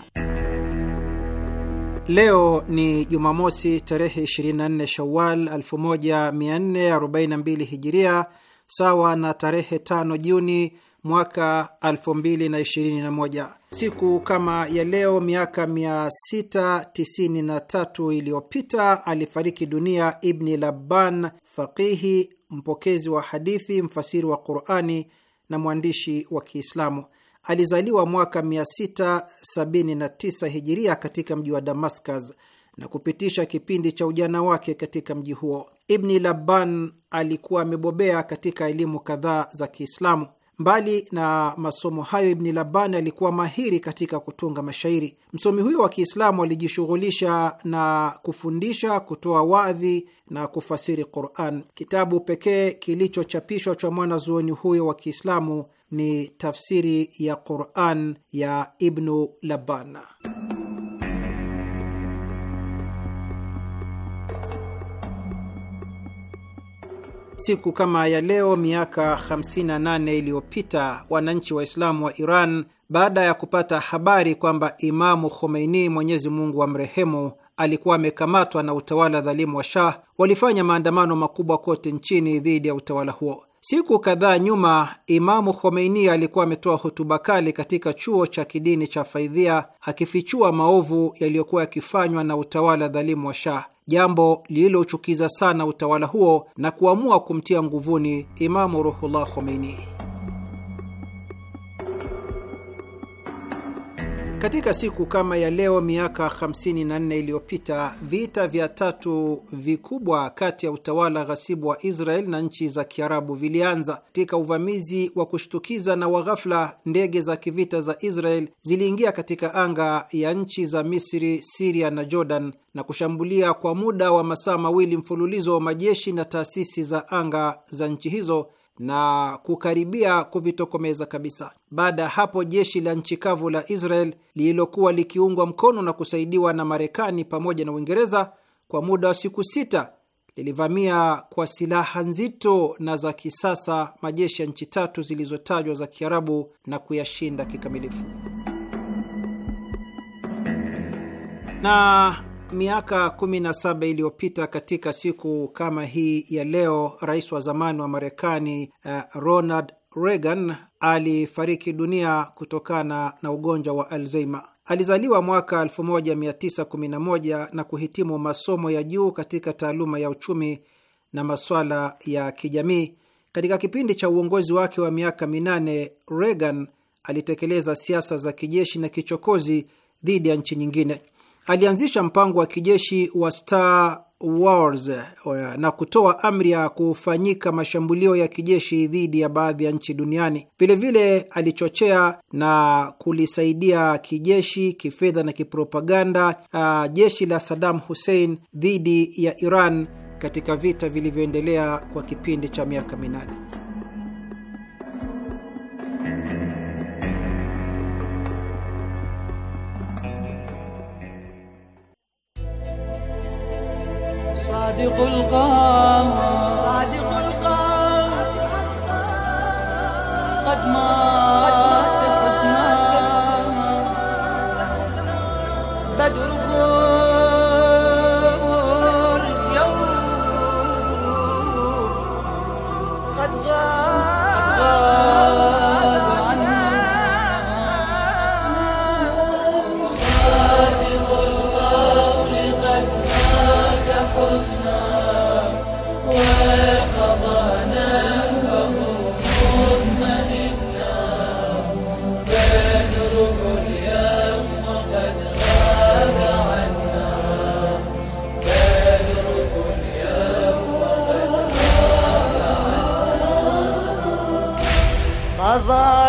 Leo ni Jumamosi tarehe 24 Shawal 1442 Hijiria, sawa na tarehe 5 Juni mwaka 2021. Siku kama ya leo miaka 693 iliyopita alifariki dunia Ibni Labban, faqihi, mpokezi wa hadithi, mfasiri wa Qurani na mwandishi wa Kiislamu. Alizaliwa mwaka 679 hijiria katika mji wa Damascus na kupitisha kipindi cha ujana wake katika mji huo. Ibni Laban alikuwa amebobea katika elimu kadhaa za Kiislamu. Mbali na masomo hayo, Ibni Laban alikuwa mahiri katika kutunga mashairi. Msomi huyo wa Kiislamu alijishughulisha na kufundisha, kutoa wadhi na kufasiri Quran. Kitabu pekee kilichochapishwa cha mwanazuoni huyo wa Kiislamu ni tafsiri ya Quran ya Ibnu labana Siku kama ya leo miaka 58 iliyopita wananchi Waislamu wa Iran, baada ya kupata habari kwamba Imamu Khomeini, Mwenyezi Mungu wa mrehemu alikuwa amekamatwa na utawala dhalimu wa Shah, walifanya maandamano makubwa kote nchini dhidi ya utawala huo. Siku kadhaa nyuma, Imamu Khomeini alikuwa ametoa hotuba kali katika chuo cha kidini cha Faidhia akifichua maovu yaliyokuwa yakifanywa na utawala dhalimu wa Shah jambo lililochukiza sana utawala huo na kuamua kumtia nguvuni Imamu Ruhullah Khomeini. Katika siku kama ya leo miaka 54 iliyopita vita vya tatu vikubwa kati ya utawala ghasibu wa Israel na nchi za Kiarabu vilianza. Katika uvamizi wa kushtukiza na wa ghafla, ndege za kivita za Israel ziliingia katika anga ya nchi za Misri, Siria na Jordan na kushambulia kwa muda wa masaa mawili mfululizo wa majeshi na taasisi za anga za nchi hizo na kukaribia kuvitokomeza kabisa. Baada ya hapo, jeshi la nchi kavu la Israel lililokuwa likiungwa mkono na kusaidiwa na Marekani pamoja na Uingereza kwa muda wa siku sita lilivamia kwa silaha nzito na za kisasa majeshi ya nchi tatu zilizotajwa za Kiarabu na kuyashinda kikamilifu na miaka 17 iliyopita katika siku kama hii ya leo, rais wa zamani wa Marekani uh, Ronald Reagan alifariki dunia kutokana na ugonjwa wa Alzheimer. Alizaliwa mwaka 1911 na kuhitimu masomo ya juu katika taaluma ya uchumi na masuala ya kijamii. Katika kipindi cha uongozi wake wa miaka minane, Reagan alitekeleza siasa za kijeshi na kichokozi dhidi ya nchi nyingine alianzisha mpango wa kijeshi wa Star Wars eh, na kutoa amri ya kufanyika mashambulio ya kijeshi dhidi ya baadhi ya nchi duniani. Vilevile alichochea na kulisaidia kijeshi, kifedha na kipropaganda uh, jeshi la Saddam Hussein dhidi ya Iran katika vita vilivyoendelea kwa kipindi cha miaka minane. صادق القام صادق القام قد ما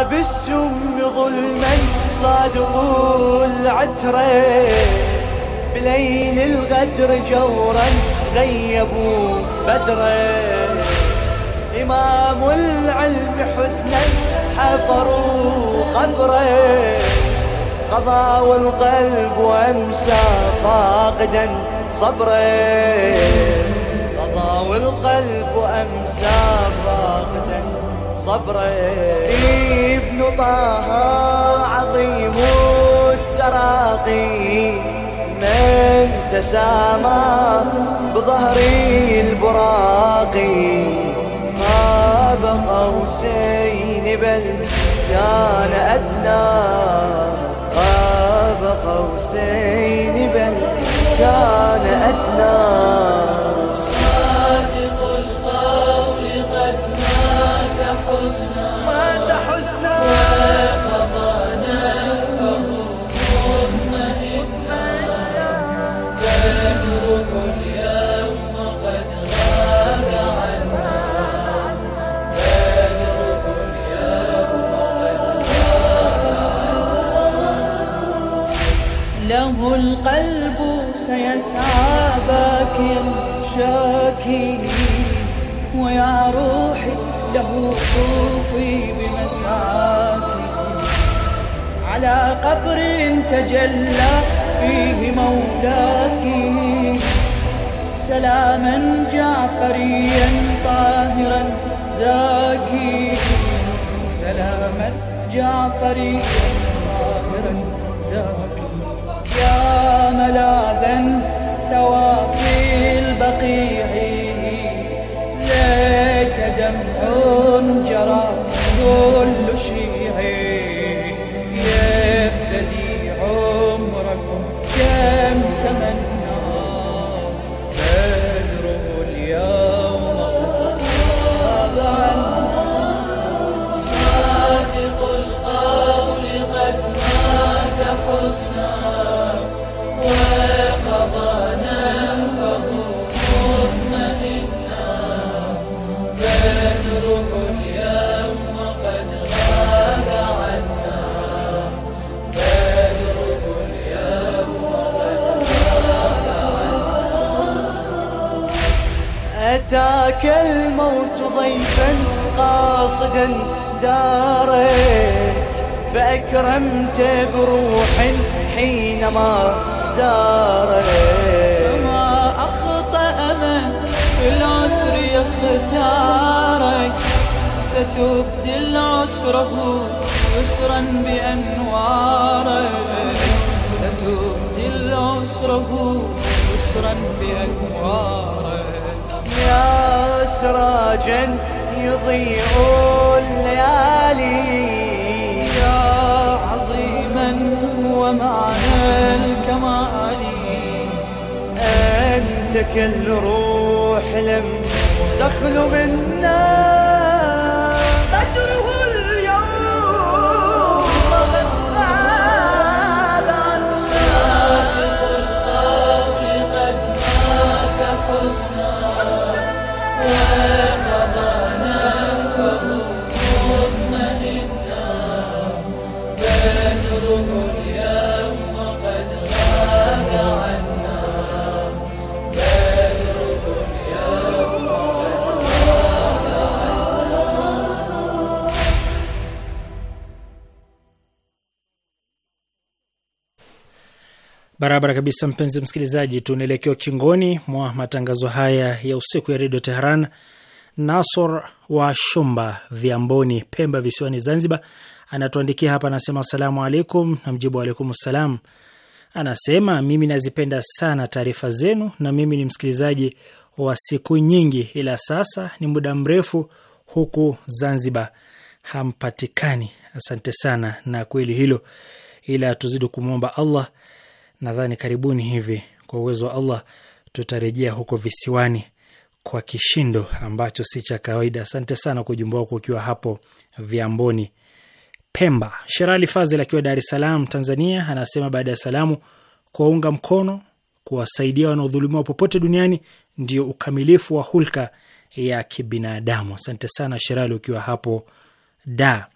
بالسم ظلما صادقوا العترة بليل الغدر جورا غيبوا بدرا إمام العلم حسنا حفروا قبره قضى والقلب وأمسى فاقدا صبره قضى والقلب وأمسى فاقدا صبره ابن طه عظيم التراقي من تسامى بظهر البراقي بقى قوسين بل كان أدنى بقى قوسين بل كان أدنى عابك يمشاكي ويا روحي له طوفي بمساكي على قبر تجلى فيه مولاك سلاما جعفريا طاهرا زاكي سلاما جعفريا طاهرا زاكي يا ملاذا تواصيل بقيعي لك دمع جرى كل ذاك الموت ضيفا قاصدا دارك فأكرمت بروح حينما زارك فما أخطأ من في العسر يختارك ستبدي العسره يسرا بأنوارك ستبدي العسره يسرا بأنوارك يا سراجا يضيء الليالي يا عظيما ومعنى الكمال أنت كالروح لم تخلو منا قدره Barabara kabisa, mpenzi msikilizaji, tunaelekea ukingoni mwa matangazo haya ya usiku ya redio Teheran. Nasor wa Shumba, vyamboni Pemba visiwani Zanzibar, anatuandikia hapa, anasema asalamu alaikum, na mjibu alaikum salam. Anasema mimi nazipenda sana taarifa zenu, na mimi ni msikilizaji wa siku nyingi, ila sasa ni muda mrefu huku Zanzibar hampatikani. Asante sana, na kweli hilo, ila tuzidi kumwomba Allah nadhani karibuni hivi kwa uwezo wa Allah tutarejea huko visiwani kwa kishindo ambacho si cha kawaida. Asante sana kwa ujumbe wako ukiwa hapo vyamboni Pemba. Sherali Fazil akiwa Dar es Salaam, Tanzania, anasema baada ya salamu, kuwaunga mkono, kuwasaidia wanaodhulumiwa popote duniani ndio ukamilifu wa hulka ya kibinadamu. Asante sana Sherali ukiwa hapo da.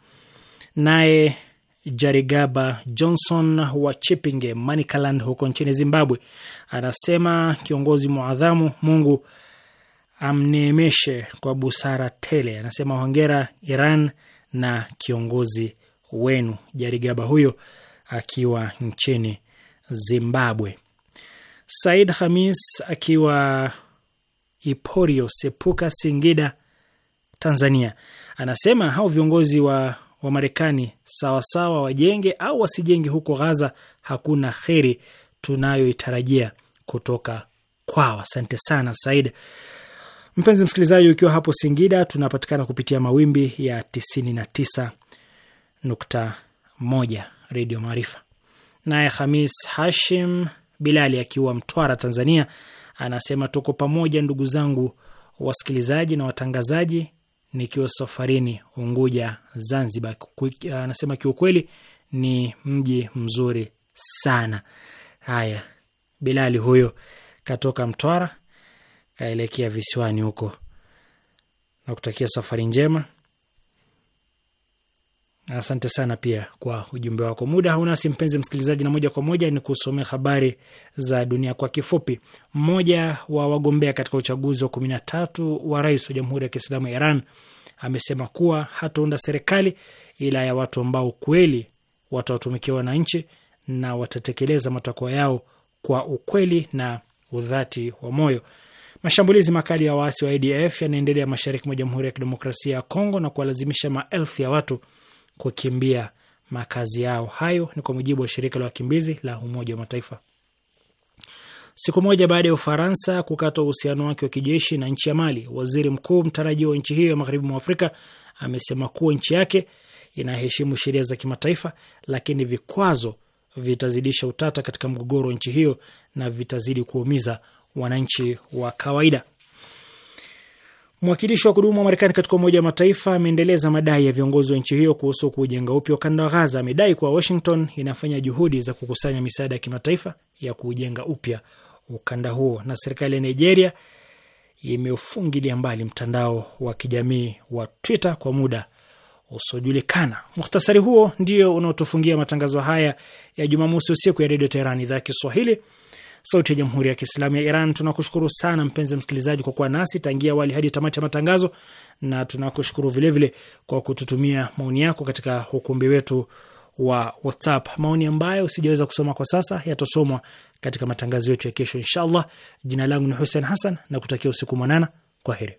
Naye Jarigaba Johnson wa Chipinge, Manicaland, huko nchini Zimbabwe, anasema kiongozi mwadhamu, Mungu amneemeshe kwa busara tele. Anasema hongera Iran na kiongozi wenu. Jarigaba huyo akiwa nchini Zimbabwe. Said Hamis akiwa Iporio Sepuka, Singida, Tanzania, anasema hao viongozi wa wa Marekani sawasawa wajenge au wasijenge huko Ghaza, hakuna kheri tunayoitarajia kutoka kwao. Asante sana Said. Mpenzi msikilizaji, ukiwa hapo Singida tunapatikana kupitia mawimbi ya 99.1 Redio Maarifa. Naye Hamis Hashim Bilali akiwa Mtwara, Tanzania, anasema tuko pamoja ndugu zangu wasikilizaji na watangazaji nikiwa safarini Unguja, Zanzibar. Anasema kiukweli ni mji mzuri sana. Haya, Bilali huyo katoka Mtwara kaelekea visiwani huko, na kutakia safari njema. Asante sana pia kwa ujumbe wako. Muda haunasi mpenzi msikilizaji, na moja kwa moja ni kusomea habari za dunia kwa kifupi. Mmoja wa wagombea katika uchaguzi wa kumi na tatu wa rais wa Jamhuri ya Kiislamu ya Iran amesema kuwa hataunda serikali ila ya watu ambao kweli watawatumikia wananchi na watatekeleza matakwa yao kwa ukweli na udhati wa moyo. Mashambulizi makali ya waasi wa ADF yanaendelea mashariki mwa Jamhuri ya Kidemokrasia ya Kongo na kuwalazimisha maelfu ya watu kukimbia makazi yao. Hayo ni kwa mujibu wa shirika la wakimbizi la Umoja wa Mataifa. Siku moja baada ya Ufaransa kukata uhusiano wake wa kijeshi na nchi ya Mali, waziri mkuu mtarajiwa wa nchi hiyo ya magharibi mwa Afrika amesema kuwa nchi yake inaheshimu sheria za kimataifa, lakini vikwazo vitazidisha utata katika mgogoro wa nchi hiyo na vitazidi kuumiza wananchi wa kawaida. Mwakilishi wa kudumu wa Marekani katika Umoja wa Mataifa ameendeleza madai ya viongozi wa nchi hiyo kuhusu kuujenga upya ukanda wa Ghaza. Amedai kuwa Washington inafanya juhudi za kukusanya misaada ya kimataifa ya kuujenga upya ukanda huo, na serikali ya Nigeria imeufungilia mbali mtandao wa kijamii wa Twitter kwa muda usiojulikana. muhtasari huo ndio unaotufungia matangazo haya ya Jumamosi usiku ya Redio Teherani, idhaa ya Kiswahili, sauti ya jamhuri ya kiislamu ya Iran. Tunakushukuru sana mpenzi msikilizaji kwa kuwa nasi tangia awali hadi tamati ya matangazo, na tunakushukuru vilevile kwa kututumia maoni yako katika ukumbi wetu wa WhatsApp, maoni ambayo sijaweza kusoma kwa sasa yatasomwa katika matangazo yetu ya kesho inshallah. Jina langu ni Hussein Hassan na kutakia usiku mwanana. kwa heri